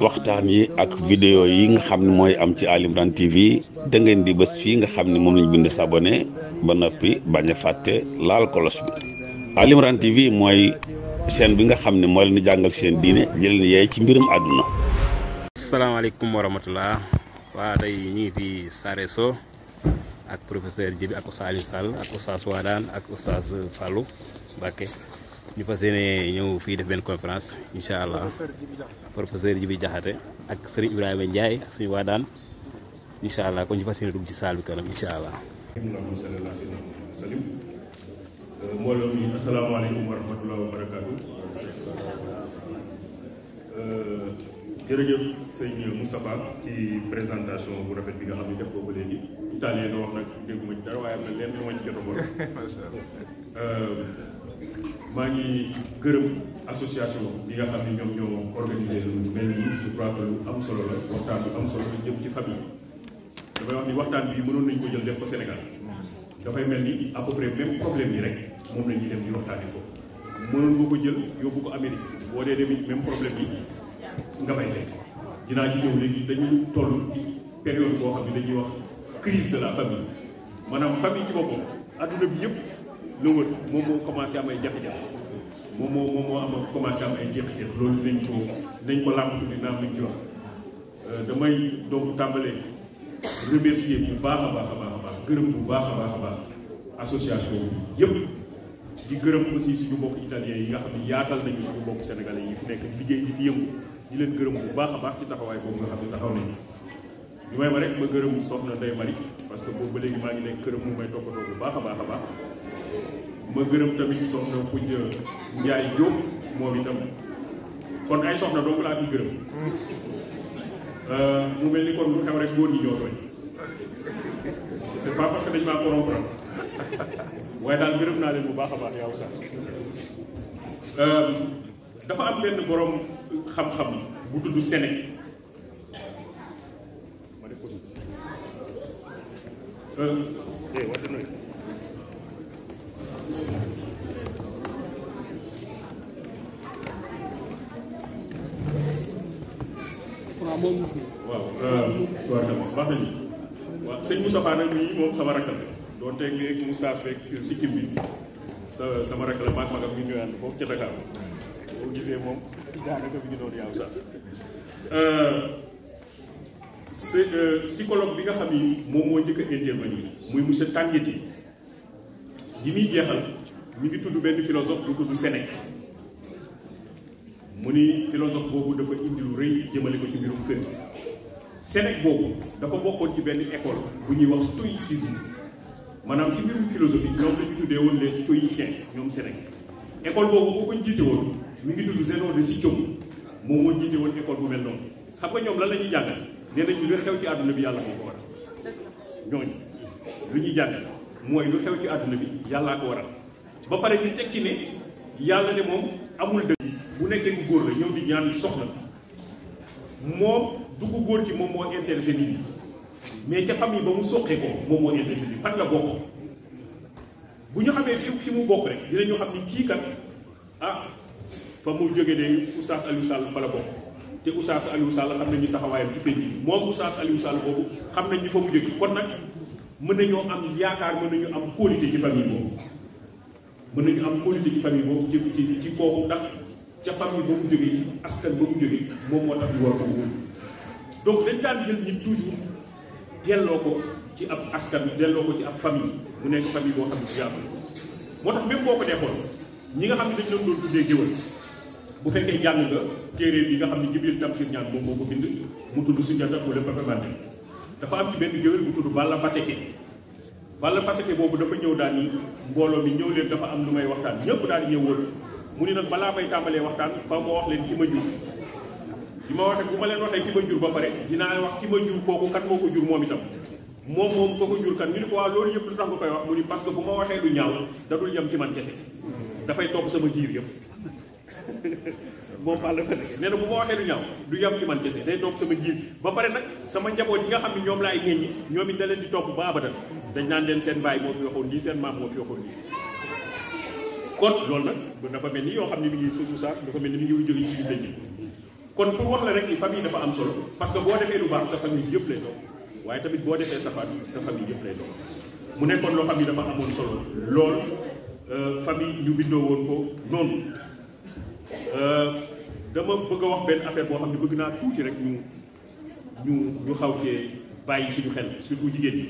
waxtaan yi ak vidéo yi nga xam ne mooy am ci Ali Imran TV da ngeen di bés fii nga xam ne moom lañ bind sabone ba noppi bañ a fàtte laal kolos bi Ali Imran TV mooy chaîne bi nga xam ne mooy leen di jàngal seen diine jëleen yee ci mbirum àdduna asalaamaaleykum wa rahmatullah waa tey ñu ngi fii Sareso ak professeur Djibi ak Oustaz Alioune sal ak Oustaz Wadane ak Oustaz Fallou Mbacké ñu fas yéene ñëw fii def benn conférence incha allah professeur Djibi Diakhaté ak sëriñ Ibrahima Ndiaye ak suñu waa daan incha allah kon ñu fas dugg ci saal bi kanam incha allah. mbooloo mi asalaamaaleykum wa rahmatulah wa barakaatu. Euh, jërëjëf sëñ Moustapha ci présentation bu rafet bi nga xam ne def ko ba léegi. italien no nag dégguma ci dara waaye am na lenn lu ma ci maa ngi gërëm association bi nga xam ne ñoom ñoo organisé lu mel nii je crois lu am solo la waxtaan lu am solo la jëm ci famille dafay wax ni waxtaan bi mënoon nañu ko jël def ko Sénégal dafay mel ni à peu près même problème yi rek moom la ñuy dem di waxtaanee ko mënoon nga ko jël yóbbu ko Amérique boo dee demit même problème yi nga fay fekk dinaa ci ñëw léegi dañu toll ci période boo xam ne dañuy wax crise de famille maanaam famille ci boppam adduna yëpp. la wër moom moo commencé am ay jafe-jafe moom moo moom moo am commencé am ay jafe-jafe loolu nañ ko nañ ko làmbatu bi naam lañ ci wax euh, damay donc tàmbalee remercier bu baax a baax a baax a baax gërëm bu baax a baax a baax association bi yëpp di gërëm aussi suñu mbokk italiens yi nga xam ne yaatal nañu suñu mbokk sénégalais yi fi nekk liggéey di fi yëngu di leen gërëm bu baax a baax ci taxawaay boobu nga xam ne taxaw nañu ñu may ma rek ma gërëm soxna Ndeye Marie parce que boobu ba léegi maa ngi nekk këram mu may toppatoo bu baax a baax a baax ma gërëm tamit soxna Koudia Ndiaye Diop moom itam kon ay soxna dong laa fi gërëm euh, mu mel ni kon lu xew rek góor ñi ñoo doy c'est pas parce dañ maa corrompre waaye daal gërëm naa leen bu baax a baax yaa Oustaz euh, dafa am benn borom xam-xam bu tudd Sénégal ma def ko waaw war na baax waaw sëñ Moustapha nag moom sama rakk la doon teg léegi moustache beeg sikkim bi sa sama rakk la maag magam ñu ñëwaat foofu ca Dakar gisee moom daanaka bi ñu doon yaaw saas euh, c'est euh, psychologue bi nga xam ni moom moo njëkk a intervenir muy monsieur Tangueti yi muy jeexal mi ngi tudd benn philosophe bu tudd Sénèque mu ni philosophe boobu dafa indi lu rëy jëmale ko ci mbirum kër gi Sénégal boobu dafa bokkoon ci benn école bu ñuy wax stoïcisme maanaam ci mbirum philosophie ñoom la ñu tuddee woon les stoïciens ñoom Sénégal école boobu boo ko ngi tudd Zénon de Cicéron moom moo jiite woon école bu mel noonu xam nga ñoom lan la ñuy jàngal nee nañ lu xew ci àdduna bi yàlla moo ko waral ñooñu ñuy jàngal mooy ci àdduna bi yàllaa ko ba pare ñu tekki ne yàlla ne moom amul dëgg. bu nekkee ku góor la ñëw di ñaan soxla moom du ko góor ki moom moo intéressé nit ñi mais ca famille ba mu soqee ko moom moo intéressé nit fan la bokk bu ñu xamee fi fi mu bokk rek dinañu xam ni kii kat ah fa mu jógee de Oustaz Aliou Sall fa la bokk te Oustaz Aliou Sall xam nañu taxawaayam ci penc bi moom Oustaz Aliou boobu xam nañ ñu fa mu jógee kon nag mën nañoo am yaakaar mën nañu am qualité ci famille boobu mën nañu am qualité ci famille boobu ci ci ci kooku ca famille ba mu jógee ci askan ba mu jógee moom moo tax ñu war ko wóolu donc dañ daan jël nit toujours delloo ko ci ab askan bi delloo ko ci ab famille bu nekk famille boo xam ne jàppale ko moo ko defoon ñi nga xam ne dañ doon doon tuddee géwël bu fekkee jàng nga téere yi nga xam ne Jibril Tamsir ñaan moom moo ko bind mu tudd Sunjata wala Papa Bande dafa am ci benn géwél bu tudd Balla Baseke Balla Baseke boobu dafa ñëw daal ni mbooloo mi ñëw leen dafa am lu may waxtaan ñëpp daal di mu ni nag balaa may tàmbalee waxtaan fa ma wax leen ki ma jur bi ma waxee bu ma leen waxee ki ma jur ba pare dinaa wax ki ma jur kooku kan moo ko jur moom itam moom moom ko ko jur kan ñu waa loolu yëpp lu tax nga koy wax parce que bu ma waxee lu ñaaw da dul ci man kese dafay topp sama jiir yëpp moom Balla Fessé nee na bu ma waxee lu ñaaw du yem ci man kese day topp sama jiir ba pare nag sama njaboot yi nga xam ne ñoom laay meññ ñoom it da leen di topp ba abadan dañ naan leen seen baay moo fi waxoon lii seen maam moo fi waxoon lii kon loolu nag dafa mel ni yoo xam ne mi ngi sëñ Moussa dafa mel ni mi ngi jóge ci suñu dënk kon pour wax la rek ni famille dafa am solo parce que boo defee lu baax sa famille yëpp lay doon waaye tamit boo defee safaan sa famille yëpp lay doon mu nekkoon loo xam ne dafa amoon solo lool euh, famille ñu bindoo woon ko noonu euh, dama bëgg a wax benn affaire boo xam ne bëgg naa tuuti rek ñu ñu ñu xaw cee bàyyi suñu xel surtout jigéen ñi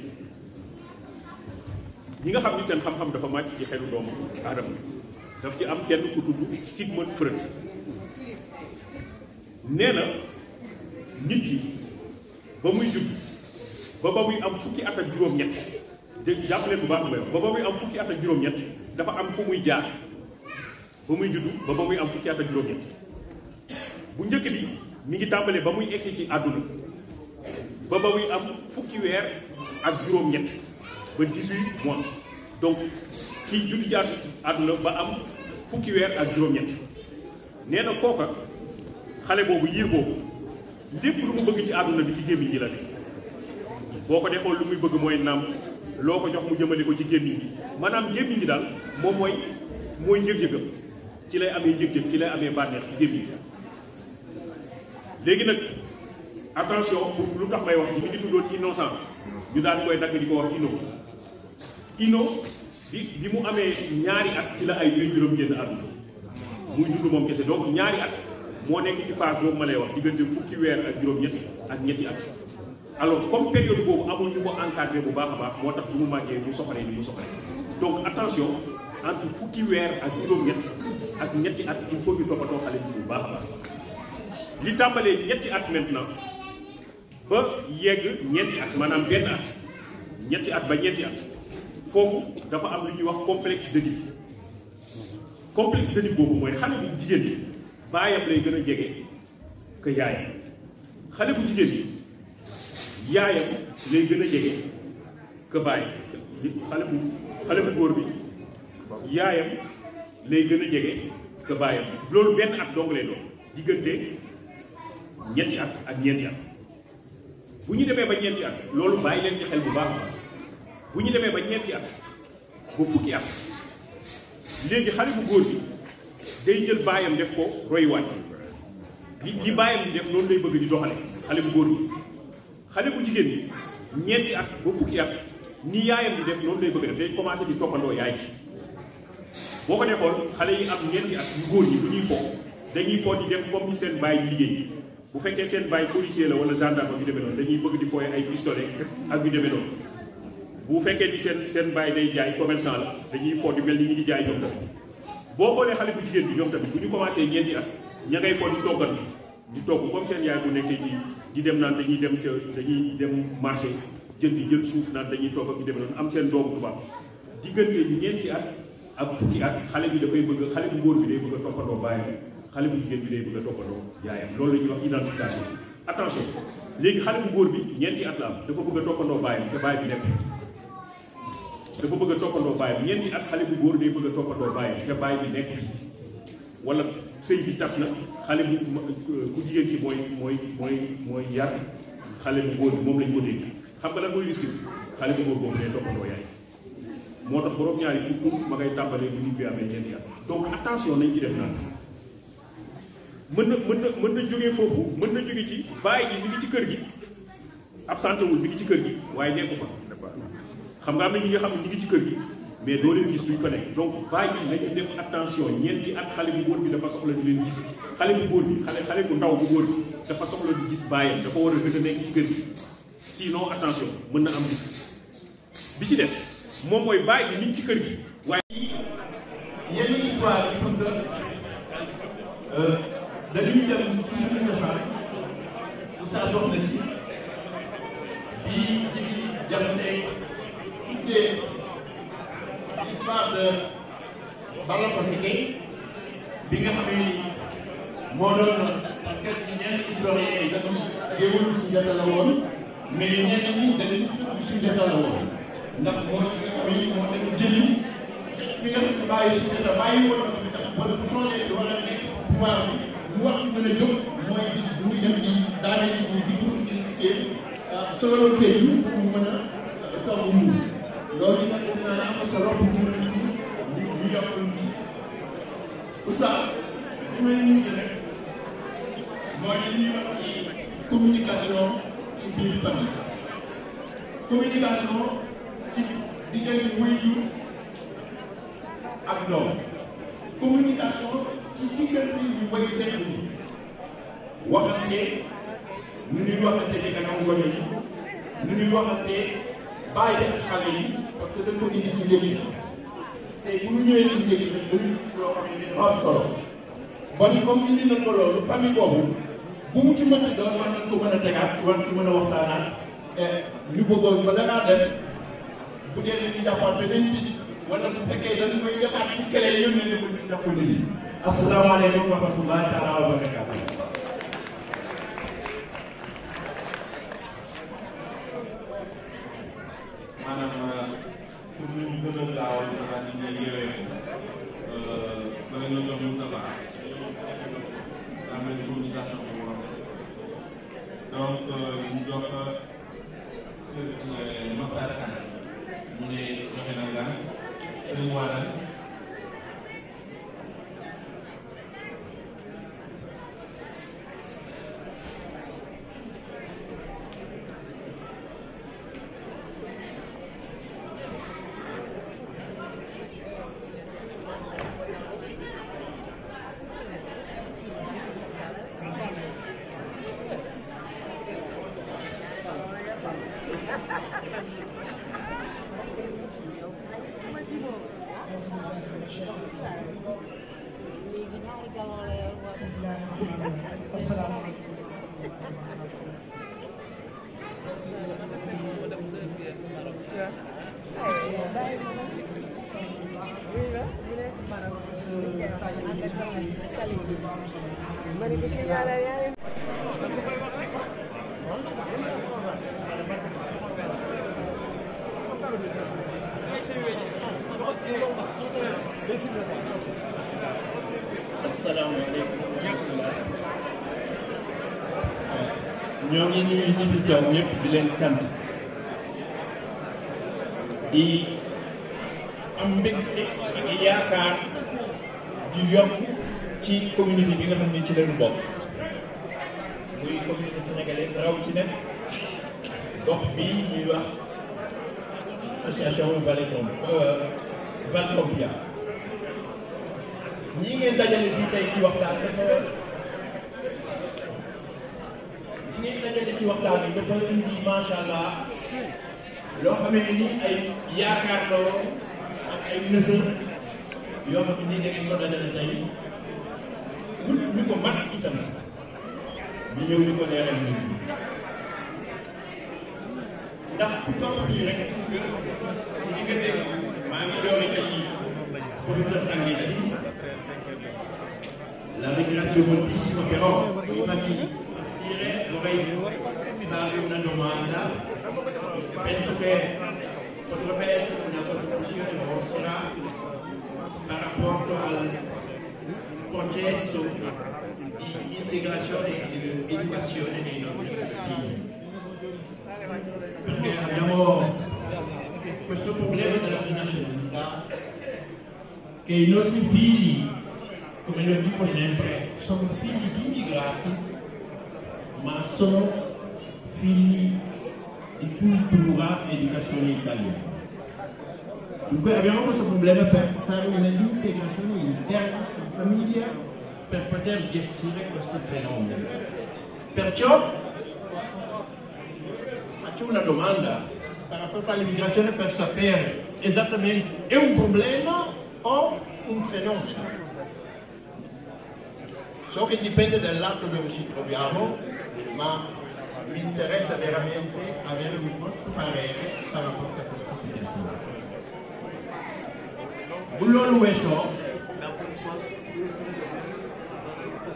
ñi nga xam ni seen xam-xam dafa màcc ci xelu doomu aadama daf ci am kenn ku tudd Sigmund Freud nee na nit ki ba muy judd ba ba muy am fukki at ak juróom-ñett bu baax ba am fukki at ak dafa am fu muy jaar ba muy judd ba ba muy am fukki at ak juróom-ñett bu njëkk bi mi ngi tàmbalee ba muy egsi ci àdduna ba ba muy am fukki weer ak juróom-ñett ba 18 mois. donc kii juddu ci àdduna ba am fukki weer ak juróom-ñett nee na kooka xale boobu yiir boobu lépp lu mu bëgg ci àdduna bi ci gémmiñ gi la ne boo ko defoon lu muy bëgg mooy naam loo ko jox mu jëmale ko ci gémmiñ gi maanaam gémmiñ gi daal moom mooy mooy yëg-yëgam ci lay amee yëg-yëg ci lay amee bànneex ci gémmiñ gi léegi nag attention pour lu tax may wax ci mi ngi tuddoon innocent ñu daal di koy di ko wax inno ino bi bi mu amee ñaari at ci la ay yooyu juróom génn àdduna muy dund moom kese donc ñaari at moo nekk ci phase boobu ma lay wax diggante fukki weer ak juróom-ñetti ak ñetti at alors comme période boobu amul ñu bu baax a baax moo tax bu mu màggee mu soxalee ni mu soxalee donc attention fukki weer ak juróom-ñett ak ñetti at il faut ñu toppatoo xale bi bu baax a baax li tàmbalee ñetti at maintenant ba yegg ñetti at maanaam benn at ñetti at ba ñetti at. foofu dafa am lu ñuy wax complex d'Œdip complexe d'Œdip boobu mooy xale bi jigéen bi baayam lay gën a jege que yaayam xale bu jigéen bi yaayam lay gën a jege que baayam xale bi yaayam lay gën a jege que baayam loolu benn at dong lay doon diggante ñetti at ak ñeenti at bu ñu demee ba ñeenti at loolu bàyyi leen ci xel bu baax bu ñu demee ba ñeenti at ba fukki at léegi xale bu góor bi day jël baayam def ko royuwaay li li baayam di def noonu lay bëgg di doxale xale bu góor bi xale bu jigéen bi ñeenti at ba fukki at ni yaayam di def noonu lay bëgg def day commencé di toppandoo yaay ji boo ko defoon xale yi am ñeenti at yu góor yi lu ñuy fo dañuy fo di def comme ni seen bàyyi liggéey bu fekkee seen bàyyi policier la wala gendarme bi demee noonu dañuy bëgg di fooye ay ak bi demee bu fekkee ni seen seen bàyyi day jaay commerçant la dañuy fo di mel ni ñu ngi jaay ñoom tam boo xoolee xale bu jigéen bi ñoom tamit bu ñu commencé ñeenti at ña ngay fo di toggal di togg comme seen yaay bu nekkee di dem naan dañuy dem ca dañuy dem marché bi jël suuf naan dañuy togg ak ñu dem noonu am seen doomu tubaab diggante ñeenti at ak fukki at xale bi dafay bëgg xale bu góor bi day bëgg a toppandoo bàyyam xale bu jigéen bi day bëgg a toppandoo yaayam loolu la ñuy wax identification attention léegi xale bu góor bi ñeenti at la am dafa bëgg a toppandoo bàyyam te bàyyi bi nekk dafa bëgg a toppandoo bàyyi ñeenti ak xale bu góor day bëgg a toppandoo bàyyi te bàyyi bi nekk fi wala sëñ bi tas na xale bi ku jigéen ci mooy mooy mooy mooy yar xale bu góor bi moom lañ ko dégg xam nga lan mooy risque bi moo tax borom ñaari pour ma ngay tàmbalee bu nit bi amee ñeenti at donc attention nañ ci def naan mën na mën na mën na jógee foofu mën na jóge ci bàyyi ji mi ngi ci kër gi absenté wul mi ngi ci kër gi waaye nekku fa xam nga am na ñi nga xam ne ñu ngi ci kër gi mais doo leen gis duñ ko nekk donc bàyyi nañu def attention ñeenti at xale bu góor bi dafa soxla di gis xale ndaw bu góor bi dafa soxla di gis bàyyam dafa war a gën a nekk ci kër gi sinon attention mën na am gis bi ci des moom mooy bàyyi bi niñ ci kër gi waaye yenn histoire yi parce que euh, dañuy dem ci écouté l'histoire de Balla Kossé bi nga xam ne moo doon parce que ñenn historien yi dañu géewul suñu jota la woon mais ñenn ñi dañu suñu jota la woon ndax moo ci moo dañu jëli fi nga xam ne bàyyi suñu jota bàyyi woon na fi tax wala bu tollee bi wala nekk pouvoir bi mu wax mën a jóg mooy bis bu muy dem di daaneel di ah, mu mën a sababu di di yokkul oustaz li may mujj rek mooy li ñuy wax ci communication ci biir famille communication ci diggante waajur ak doom communication ci diggante yu way seet yi waxante nu ñuy waxante ci kanam gone yi nu ñuy waxante bàyyi de ak xale yi parce que ko indi ci njëriñ tey bu ñu ñëwee ci njëriñ rek dañuy gis loo xam ne dafa am solo ba ni comme indi nañ ko loolu boobu bu mu ci mën a doon war nañ ko mën a tegaat war ci mën a waxtaanaat ñu bëggoon ba danaa def bu dee dañuy jàppaat ba dañ gis wala bu fekkee dañ koy jotaat ci kële yónnee ne ko ñu jàpp nit yi asalaamaaleykum wa rahmatulah maanaam pour ñu gën a gaaw a jox daal di leen yëwee ba nga jox Moustapha am nañu communication bu mu donc ñu jox Makhtar Kane mu ne joxe na gan sëñ ñoo ngi ñuy ñi fi teew ñëpp di leen sant di am mbégte ak yaakaar ñu yokk ci communauté bi nga xam ne ci lañu bokk muy communauté sénégalaise raw ci nekk gox bii ñuy wax association Vallée euh, Vallée ñi ngeen dajale fii tey ci waxtaan dafa ñi ngeen dajale ci waxtaan dafa indi macha allah loo xamee ni ay yaakaar la ak ay nësër. yomb bi ni ko dajale tey wut ñu ko man itam ñu ñëw ñu ko leeral nit ñi ndax ku toog fii rek gis nga ci diggante maa ngi doore tey professeur Tanguy la migration moltissima però infatti dire vorrei fare una domanda penso che potrebbe essere una contribuzione vostra a rapporto al processo di integrazione e di educazione dei nostri figli. Perché abbiamo questo problema della rinascibilità che i nostri figli, come lo dico sempre, sono figli di immigrati, ma sono figli di cultura e educazione italiana. Dunque abbiamo questo problema per portare un'integrazione interna in famiglia per poter gestire questo fenomeno. Perciò faccio una domanda proprio all'immigrazione per sapere esattamente è un problema o un fenomeno. So che dipende dal lato dove ci ma mi veramente avere un vostro parere per rapporto a questa situazione. bu loolu weesoo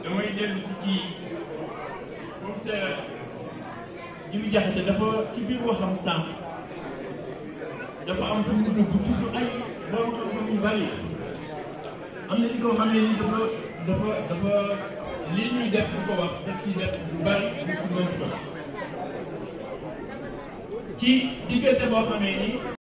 damay dellu si ci professeur Djibi Diakhaté dafa ci biir waxam sànq dafa am fu mu dugg tudd ay borom xam-xam yu bari am na ci koo xam ni dafa dafa dafa lii ñuy def bu ko wax daf ciy def bu bari bu ci mën ko ci diggante boo xamee ni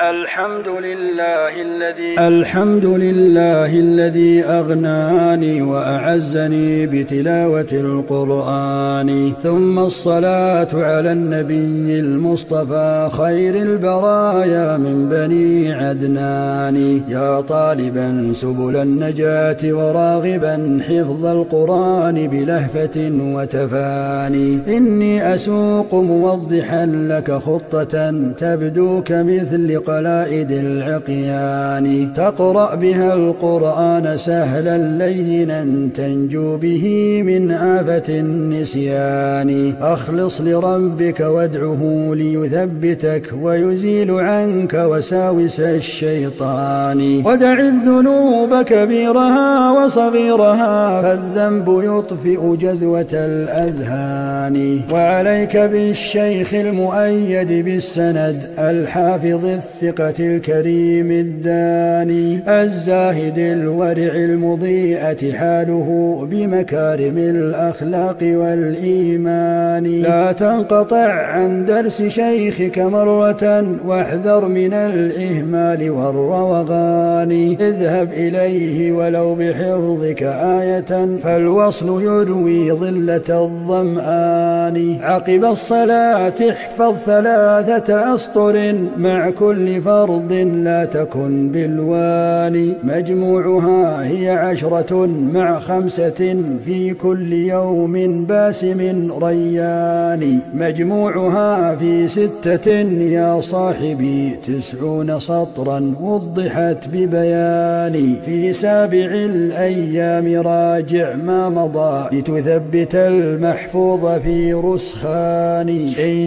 الحمد لله الذي الحمد لله الذي أغناني وأعزني بتلاوة القرآن ثم الصلاة على النبي المصطفى خير البرايا من بني عدنان يا طالبا سبل النجاة وراغبا حفظ القرآن بلهفة وتفاني إني أسوق موضحا صالحا لك خطة تبدو كمثل قلائد العقيان تقرأ بها القرآن سهلا لينا تنجو به من آفة النسيان أخلص لربك وادعه ليثبتك ويزيل عنك وساوس الشيطان ودع الذنوب كبيرها وصغيرها فالذنب يطفئ جذوة الأذهان وعليك بالشيخ المؤيد بالسند الحافظ الثقة الكريم الداني الزاهد الورع المضيئة حاله بمكارم الأخلاق والإيمان لا تنقطع عن درس شيخك مرة واحذر من الإهمال والروغان اذهب إليه ولو بحفظك آية فالوصل يروي ظلة الظمآن عقب الصلاة احفظ ثلاثة أسطر مع كل فرض لا تكن بالوالي مجموعها هي عشرة مع خمسة في كل يوم باسم ريان مجموعها في ستة يا صاحبي تسعون سطرا وضحت ببيان في سابع الأيام راجع ما مضى لتثبت المحفوظ في رسخان إن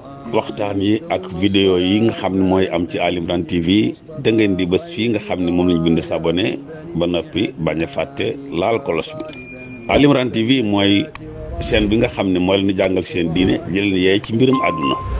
waxtaan yi ak vidéo yi nga xam ne mooy am ci Ali Imran TV da ngeen di bés fii nga xam ni moom lañ bind sabone ba noppi bañ a fàtte laal kolos bi Ali Imran mooy seen bi nga xam ne moo leen di jàngal seen diine jëleen yee ci mbirum àdduna